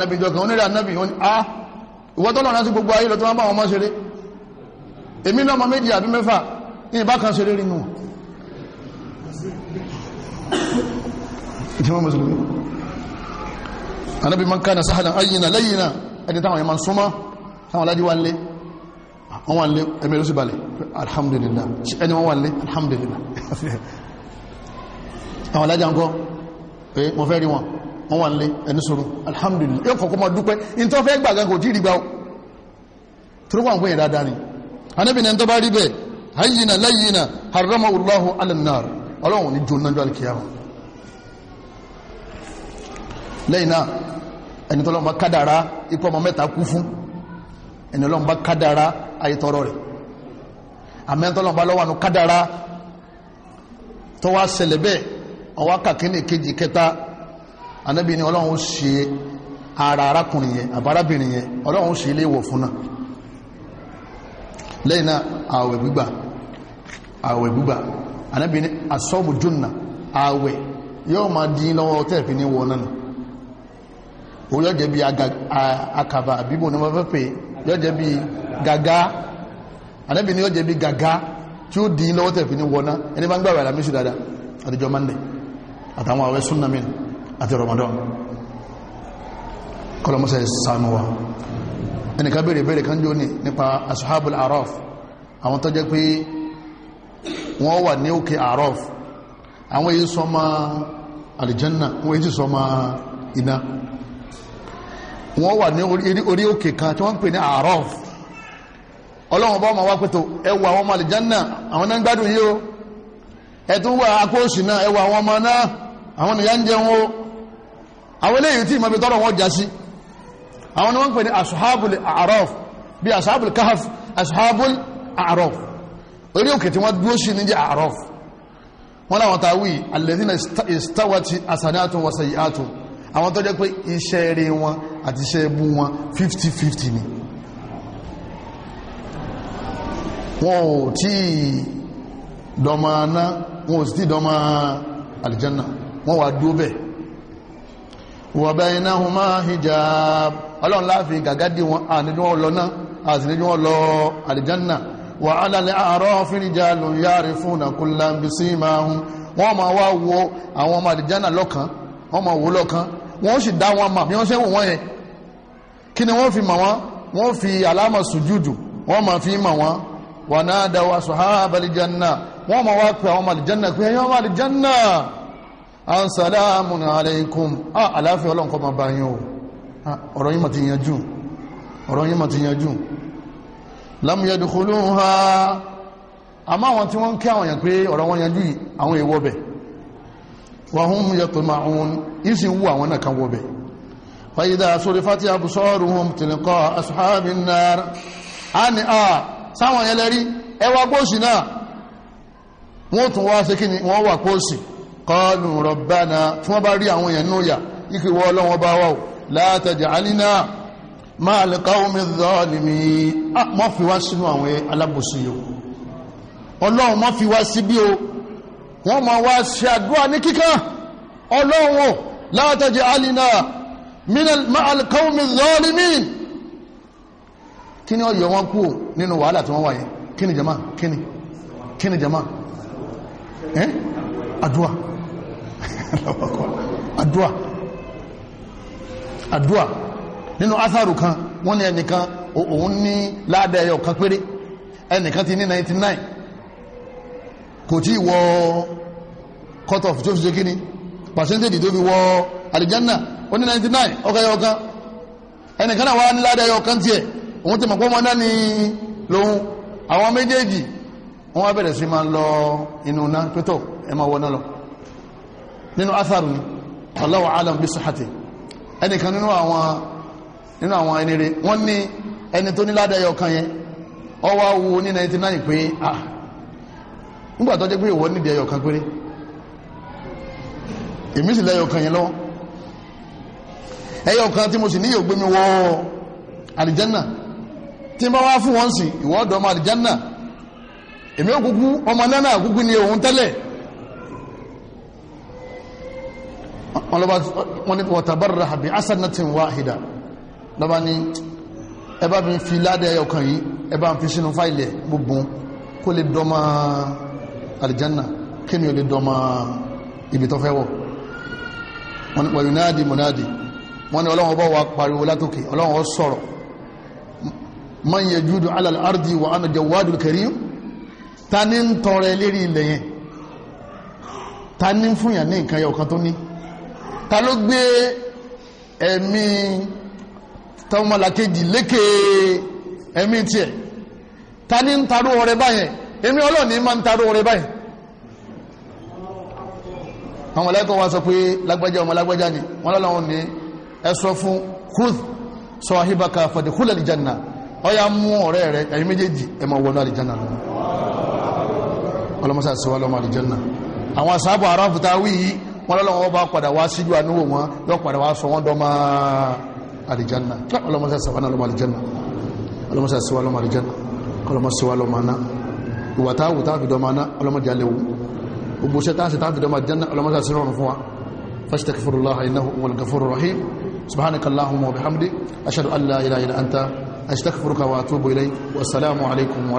ànábì mùsùlùmí anabi man kana sahalan ayyina layyina ẹni táwọn ẹ̀mà súnmọ́ táwọn aládí wà lé wọ́n wà lé ẹ̀mẹ́ ló sì balẹ̀ alhamdulillah ẹni wọ́n wà lé alhamdulillah *laughs* àwọn aládí àǹkọ́ pé wọ́n fẹ́ rí wọn wọ́n wà lé ẹni sọ́rọ̀ alhamdulillah yóò kọ̀kọ́ mọ́ dúpẹ́ in tó fẹ́ gbàgán kò tíì ni anabi náà jọ alkiyama lẹ́yìn náà ẹni tọ́lọ́run bá kádàrá ikú ọmọ mẹ́ta kú fún ẹni Ọlọ́run bá kádàrá ayé tọrọ rẹ̀ àmọ́ ẹni tọ́lọ́run bá lọ́wọ́ àánú kádàrá tó wá bẹ́ẹ̀ ọwọ́ kàkínní kejì kẹta anábì ni Ọlọ́run ṣe ara arákùnrin yẹn àbárábìnrin yẹn Ọlọ́run ṣe ilé ìwọ̀ fún náà lẹ́yìn náà ààwẹ̀ gbígbà ààwẹ̀ gbígbà anábì ni yóò máa dín lọ́wọ́ tẹ́ẹ̀fì òun yóò jẹ́ bí akàbà àbíbò ní wọ́n fẹ́ pè yóò jẹ́ bí gàgá ànábì ni yóò jẹ́ bí gàgá tí ó dín lọ́wọ́ tẹ̀ fi ní wọ́ná ẹni bá ń gbàwẹ̀ àlàmísù dáadáa àtijọ́ mande àtàwọn àwẹ̀ súnnamin àti Ramadan kọlọmọsẹ̀ sanuwa ẹnìkan béèrè béèrè kan jóni nípa asuhabul araf àwọn tó jẹ́ pé wọ́n wà ní òkè araf àwọn èyí sọ ma alìjẹ́nà wọ́n èyí sọ ma iná wọ́n wà ní orí òkè kan tí wọ́n ń pè ní Araf ọlọ́run bá ma wá pẹ̀tọ̀ ẹwà àwọn ọmọ àlìjánà àwọn náà ń gbádùn yìí o ẹ̀tún wà akóòsì náà ẹwà àwọn ọmọ náà àwọn nìyà ń jẹun o àwọn eléyìí tí ìmọ̀bí tọ́rọ wọn já sí àwọn ni wọ́n ń pè ní asuhabul Araf bí asuhabul kahaf asuhabul Araf orí òkè tí wọ́n dúró sí ní jẹ́ Araf wọ́n láwọn tàwí alladhina istawati hasanatun wa sayyi'atun àwọn tó jẹ́ pé iṣẹ́ rere wọn àti iṣẹ́ ẹbú wọn 50-50 ni wọn ò tí dọmọ aná wọn ò sì tí dọmọ alìjánà wọn wà dúó bẹ́ẹ̀ wa baynahuma hijab ọlọ́run láàfin gàgádì wọn àníjú wọn lọ náà àtìlẹ́jú wọn lọ alìjánà wa ala al-a'rafi rijalun yarifuna kullan bisimahum wọn ma wá wo àwọn ọmọ alìjánà lọ́kàn wọn ma wo lọ́kàn wọ́n sì dá wọn mà bí wọ́n ṣe wò wọ́n yẹn kí ni wọ́n fi mà wọ́n wọ́n fi àlámà sùjúdù wọ́n mà fi mà wọ́n wà náà da wa sahabal janna wọ́n mà wá pé àwọn ọmọ pé ẹ̀yọ́ ọmọ àlìjánná alaykum a àláfíà ọlọ́nkọ́ máa bá yín o ọ̀rọ̀ yín mà ti yanjú ọ̀rọ̀ yín mà ti yanjú lam yadkhuluha àmọ́ àwọn tí wọ́n ń kí àwọn yẹn pé ọ̀rọ̀ wọn yanjú yìí àwọn èèwọ̀ bẹ́ẹ̀ wàhún yẹtò máa ń ìsì wú àwọn náà kan wọbẹ̀ fàyídà sórifátì abùsọ́ọ̀rù hùm tìlẹ̀kọ́ asuhabi nàr á ní a sáwọn yẹn lẹ́rí ẹ wá pósì náà wọ́n tún wá sí kíni wọ́n wà pósì kọ́ọ̀lù rọ̀bánà tí wọ́n bá rí àwọn èèyàn núyà ikú wọ́ ọlọ́wọ́ bá wà ó látàjà alínà máa lè káwọ́ mi zọ́ọ̀lìmí mọ́ fi wá sínú àwọn alábòsí yòó ọlọ́run mọ́ fi wá síbí o wọ́n ma wá ṣe àdúrà ní kíkà ọlọ́run la taj'alna ma'al qawmi zalimin kí ni ọyọ̀ wọn kú nínú wàhálà tí wọ́n wáyé kí ni jama kí ni kí ni jama ẹ́ àdúrà *laughs* àdúrà àdúrà nínú atharu kan wọ́n ní ẹnìkan òun ní ládàá ẹyọ kan péré ẹnìkan ti ní 99 kò tí wọ cut off tó fi ṣe kíni percentage tó fi wọ àlìjánà ó ní 99 ọkọ̀ ẹyọ kan ẹnìkan náà wà ní ládàá ẹyọ kan tiẹ̀ òun ti mọ̀ pé ọmọ náà ní lòun àwọn méjèèjì wọ́n wá bẹ̀rẹ̀ sí máa lọ inú náà tó tọ̀ ẹ máa wọná lọ nínú atharu Allahu alam bí sọ́hàtì ẹnìkan nínú àwọn nínú àwọn ẹni rẹ̀ wọ́n ní ẹni tó ní ládàá ẹyọ kan yẹn ọwọ́ wo ní 99 pé ah nígbà tó jẹ́ pé ìwọ nídìí ẹyọ kan péré èmi sì lẹ́yọ kan yẹn lọ́wọ́ ẹyọ kan tí mo sì níyò gbé wọ àlìjánà tí n bá wá fún wọn sí ìwọ ọ̀dọ̀ ọmọ àlìjánà èmi ò ọmọ nánà kúkú ni òun tẹ́lẹ̀ wọn lọba wọn ni wọtabarra habi asanatin wahida lọba ni ẹ bá mi fi ládẹ ẹyọ kan yìí ẹ bá fi sínú fáìlì gbogbo kó lè dọ́mọ́ aljanna kí ni o lè dọ́mọ ibi tó fẹ́ wọ̀ wọ́n ni pẹ̀lú náàdì mọ̀náàdì wọ́n ni ọlọ́wọ́ bọ́ wa pariwo látòkè ọlọ́wọ́ sọ̀rọ̀ man yajudu ala al-ardi wa ana jawadul karim ta ní ń tọrẹ lérí ilẹ̀ yẹn ta ní ń fún yàn ní nǹkan yọ̀kan tó ní ta ló gbé ẹ̀mí tọmọlàkejì lékè ẹ̀mí tiẹ̀ ta ní ń tarú ọrẹ báyẹn èmi ọlọ́ọ̀ni máa ń taró orin báyìí àwọn ọ̀lẹ́kọ̀ọ́ wa sọ pé lágbájá ọmọ lágbájá ni wọ́n lọ́lọ́wọ́n ní ẹ sọ fún khudh sahibaka fadkhul al-janna ọ̀yà mú ọ̀rẹ́ rẹ ẹ̀yin méjèèjì ẹ̀ máa wọnú al-janna lọ ọlọ́mọsá sí wa lọ́mọ al-janna àwọn asáàbù aráfùtà wíyí wọ́n lọ́lọ́wọ́n bá padà wá síjú àníwò wọn yóò padà wá sọ wọ́n dọ́mọ al-janna ọlọ́mọsá sí wa lọ́mọ al-janna ọlọ́mọsá sí wa ìwà táwù táàfi dọ́mà náà ọlọ́mọdé alẹ́wò gbogbo ṣe táàfi táàfi dọ́mà jẹ́ náà ọlọ́mọdé sí rọrùn fún wa fashtakfirullah innahu huwal ghafurur rahim subhanakallahumma wa bihamdik ashhadu an la ilaha illa anta astaghfiruka wa atubu ilayk wa